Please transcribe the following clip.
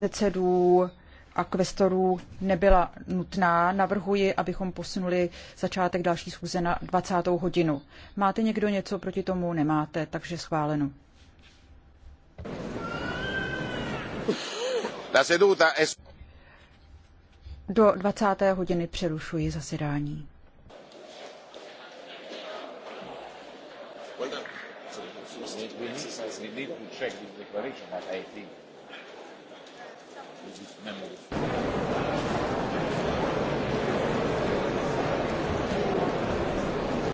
předsedů a kvestorů nebyla nutná, navrhuji, abychom posunuli začátek další schůze na 20. hodinu. Máte někdo něco proti tomu? Nemáte, takže schváleno. Do 20. hodiny přerušuji zasedání. Well done. so, so, so, so, so, so, so, memory.